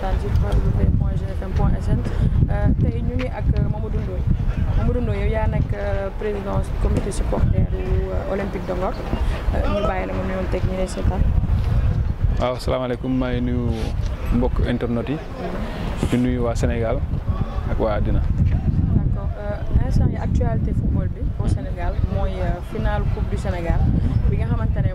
digital sur www.genfm.sn tey ñu ngi ak euh, Mamadou Ndoye Mamadou Ndoye yow yaa nekk euh, président comité supporter euh, olympique de ñu bàyyi la nga nuyoon teg ñu lay seetaan. waaw salaamaaleykum maa ngi nuyu mbokk internet yi. Mm-hmm. di nuyu waa Sénégal ak waa àddina. d'accord instant yi actualité football bi au Sénégal mooy finale coupe du Sénégal bi nga xamante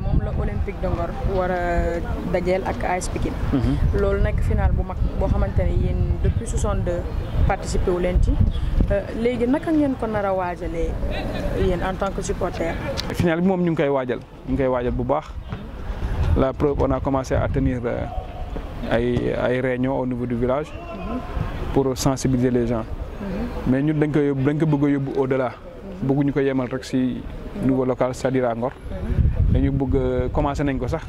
Olympique de Ngor Dajel a dajeel ak AS Pikine mhm. loolu nekk final bu mag boo xamante ne depuis 62 participé wu leen ci euh, léegi naka ngeen ko nar a waajalee en tant que supporter. final bi moom ñu ngi koy waajal ñu ngi koy waajal bu baax la preuve on a commencé à tenir euh, ay ay réunions au niveau du village mhm. pour sensibiliser les gens mhm. mais ñun dañ ko dañ ko bëgg a au delà bëgguñu ko yemal rek si niveau local c'est-à-dire à Ngor nous bëgg euh, commencé nañ ko sax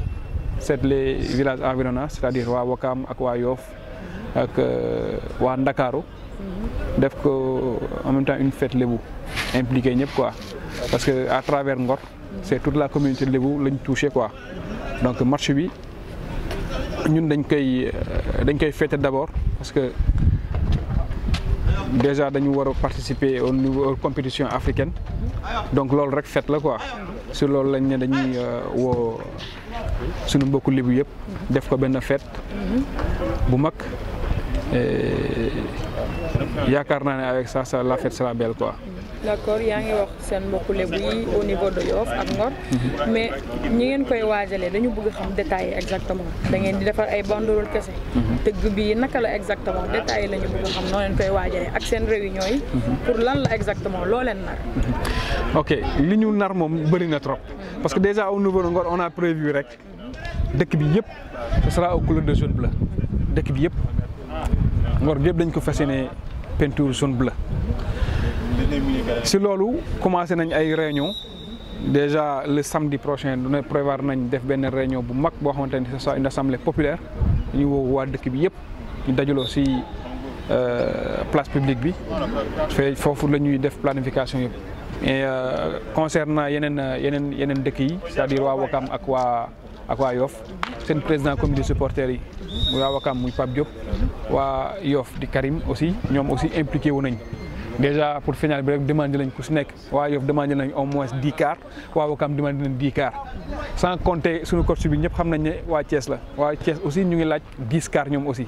dans les villages environnants c'est-à-dire waa Wakam ak waa Yoof ak euh, def ko en même temps une fête lébu impliqué ñëpp quoi parce qu'à travers Ngor c'est toute la communauté qui lañ touché quoi donc marché bi ñun dañ koy euh, dañ koy d'abord parce que déjà dañu war a participer au niveau compétition africaine donc loolu rek fête là quoi Sur loolu lañ ne dañuy euh, woo suñu mbokku libu yëpp def ko benn fête bu mag yaakaar naa ne avec ça ça la fête sera belle quoi d' accord yaa ngi wax seen mbokku lebu yi au niveau de Yoff ak Ngor. Mhm. mais ñi ngeen koy waajalee dañu bëgg xam détail yi exactement da ngeen di defar ay banderole kese. Mhm. tëgg bi naka la exactement détail lañu bëgg xam noo leen koy waajalee ak seen réunion yi. Mhm. pour lan la exactement loo leen nar. ok li ñu nar moom bëri na trop. parce que déjà au niveau de Ngor on a prévu rek dëkk bi yëpp ce sera au couleur de jaune bleu dëkk bi yëpp Ngor bi yëpp dañ ko fas peinture jaune bleu si loolu commencé nañ ay réunion déjà le samedi prochain nous ne prévoir nañ def ben réunion bu mak bo xamanteni ce soit une assemblée populaire ñu woo wa dëkk bi yépp ñu dajaloo si euh, place publique bi fee fofu lañuy def planification yépp et euh, concernant yenen yenen yenen dëkk yi c'est-à-dire wa Wakam ak wa ak waa Yoff sen président comité supporters yi wa Wakam muy Pape Diop Wa Yoff di Karim aussi ñom aussi impliqué wu nañ déjà pour final bi rek demandé lañ ku si nekk waa Yoff demandé nañ au moins dix quarts waa Wakam demandé nañ dix compter suñu coach bi ñëpp xam nañ ne waa cees la waa cees aussi ñu ngi laaj dix quarts ñoom aussi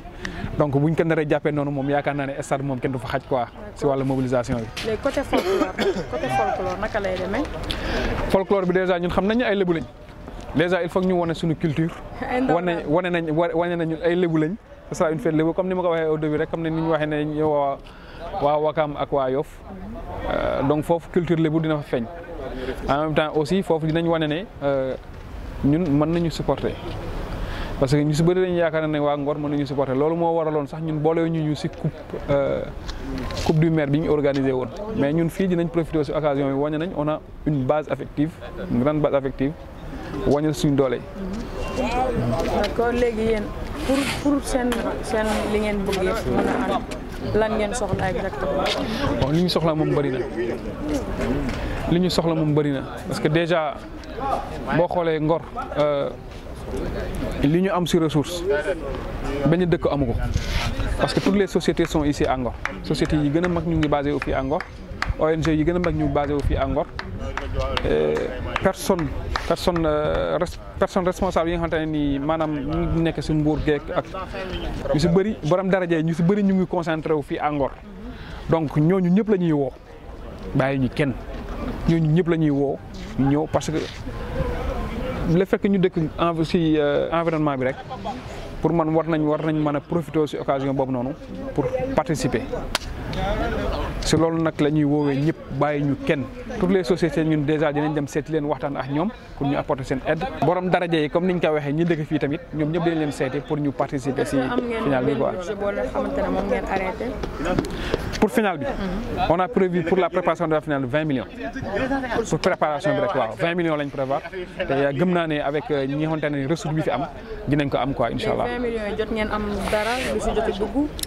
donc buñ ko naree jàppee noonu moom yaakaar naa ne moom kenn du fa xaj quoi si wàllu mobilisation bi. léegi côté folklore côté folklore naka bi déjà ñun xam nañ ay lébu lañ déjà il faut ñu wane suñu culture. wane wane nañ nañ ay lébu lañ ce sera une fête lébu comme ni ma ko waxee au début rek ñu waxee wa wakam ak waa yof euh, donc fofu culture lébu dina feñ en même temps aussi fofu dinañ né euh ñun mën nañu supporter parce que ñu su bëri dañu yaakaar né wa Ngor mën nañu supporter lolu mo waralon sax ñun bolé ñu ñu ci coupe euh, coupe du maire bi ñu organisé woon mais ñun fi dinañ profiter aussi occasion bi wane nañ on a une base affective une grande base affective wane suñ doole. d'accord légui yeen pour pour sen sen li ngeen bëggee mëna lan ngeen soxla exactement. li ñu soxla moom bëri na ñu soxla moom bëri na parce que déjà boo xoolee Ngor euh, li ñu am si ressource benn dëkk amu ko parce que toutes les sociétés son ici à Ngor sociétés yi gën a mag ñu ngi basé wu fii à Ngor ONG yi gën a mag ñu ngi basé wu fii à Ngor euh, personne. personne euh, personne responsable yi nga xamante ne nii maanaam ñu nekk si mbuur geek ak ñu si bëri borom daraja ñu si bëri ñu ngi concentré wu fii à Ngor donc ñooñu ñëpp la ñuy woo bàyyi ñu kenn ñooñu ñëpp la ñuy woo ñëw parce que le fekk ñu dëkk en si euh, bi rek pour man war nañ war nañ mën a profité si occasion boobu noonu pour participer. Selon loolu nag nous avons fait. ñëpp toutes les sociétés ñun déjà dinañ dem seeti leen Nous ak pour ñu apporter une aide. borom daraja yi comme niñ ko waxee ñu dëkk fii tamit ñoom ñëpp dinañ leen pour nous participer à final finale. pour final bi. Mhm. on a prévu pour la préparation de la finale 20 millions. pour préparation de la finale. 20 millions lañ prévoir te gëm naa ne avec euh, ñi ressources xamante ne bi fi am 20 millions jot ngeen am dara lu si jot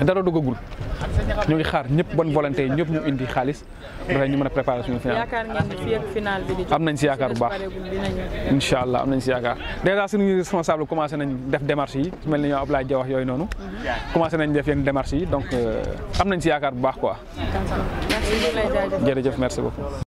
a dara ñoo ngi xaar ñëpp bon volonté yi ñëpp ñu indi xaalis dafay ñu mën a préparer suñu final. am nañ si yaakaar bu baax incha allah am nañ si yaakaar dèjà suñu responsable commencé nañ def démarches yi mel ni ñoo Ablaye Dia yooyu noonu. Mhm. commencé nañ def yenn démarches yi donc euh, am nañ si yaakaar bu baax quoi. jërëjëf merci beaucoup.